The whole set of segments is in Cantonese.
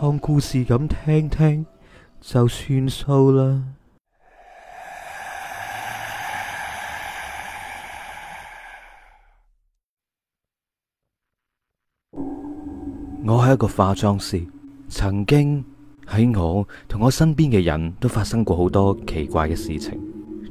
當故事咁聽聽就算數啦。我係一個化妝師，曾經喺我同我身邊嘅人都發生過好多奇怪嘅事情。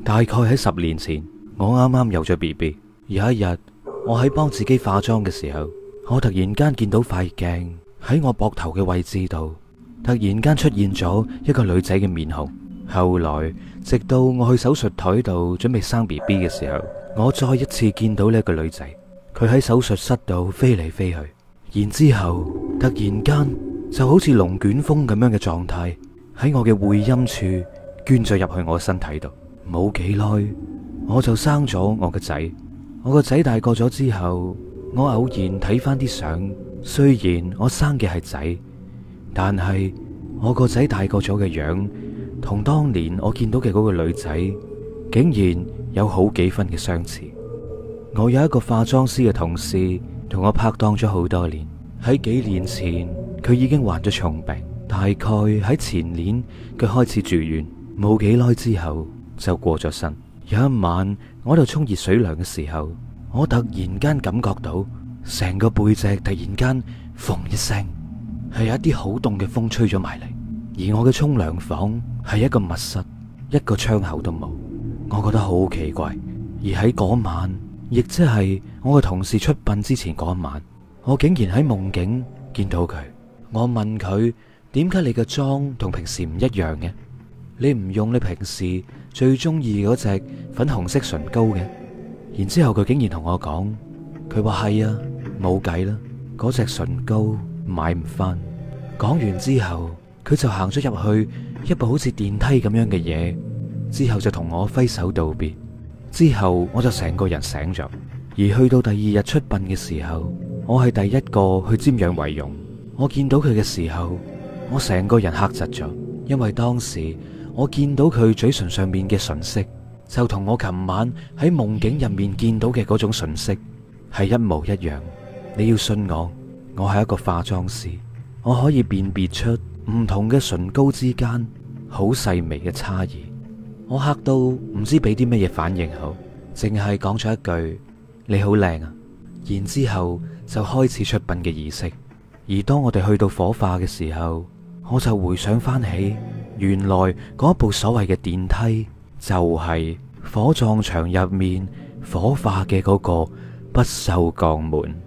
大概喺十年前，我啱啱有咗 BB。有一日，我喺幫自己化妝嘅時候，我突然間見到塊鏡。喺我膊頭嘅位置度，突然間出現咗一個女仔嘅面孔。後來直到我去手術台度準備生 BB 嘅時候，我再一次見到呢個女仔。佢喺手術室度飛嚟飛去，然之後突然間就好似龍捲風咁樣嘅狀態喺我嘅會陰處捐咗入去我身體度。冇幾耐，我就生咗我個仔。我個仔大個咗之後，我偶然睇翻啲相。雖然我生嘅係仔，但係我個仔大個咗嘅樣，同當年我見到嘅嗰個女仔，竟然有好幾分嘅相似。我有一個化妝師嘅同事，同我拍檔咗好多年。喺幾年前，佢已經患咗重病，大概喺前年，佢開始住院，冇幾耐之後就過咗身。有一晚，我喺度沖熱水涼嘅時候，我突然間感覺到。成個背脊突然間，縫一聲，係有一啲好凍嘅風吹咗埋嚟。而我嘅沖涼房係一個密室，一個窗口都冇，我覺得好奇怪。而喺嗰晚，亦即係我嘅同事出殯之前嗰一晚，我竟然喺夢境見到佢。我問佢：點解你嘅妝同平時唔一樣嘅？你唔用你平時最中意嗰隻粉紅色唇膏嘅？然之後佢竟然同我講：佢話係啊。冇計啦，嗰隻唇膏買唔翻。講完之後，佢就行咗入去一部好似電梯咁樣嘅嘢，之後就同我揮手道別。之後我就成個人醒咗，而去到第二日出殯嘅時候，我係第一個去瞻仰遺容。我見到佢嘅時候，我成個人黑窒咗，因為當時我見到佢嘴唇上面嘅唇色，就同我琴晚喺夢境入面見到嘅嗰種唇色係一模一樣。你要信我，我係一個化妝師，我可以辨別出唔同嘅唇膏之間好細微嘅差異。我嚇到唔知俾啲乜嘢反應好，淨係講咗一句你好靚啊。然之後就開始出殯嘅儀式。而當我哋去到火化嘅時候，我就回想翻起，原來嗰部所謂嘅電梯就係火葬場入面火化嘅嗰個不鏽鋼門。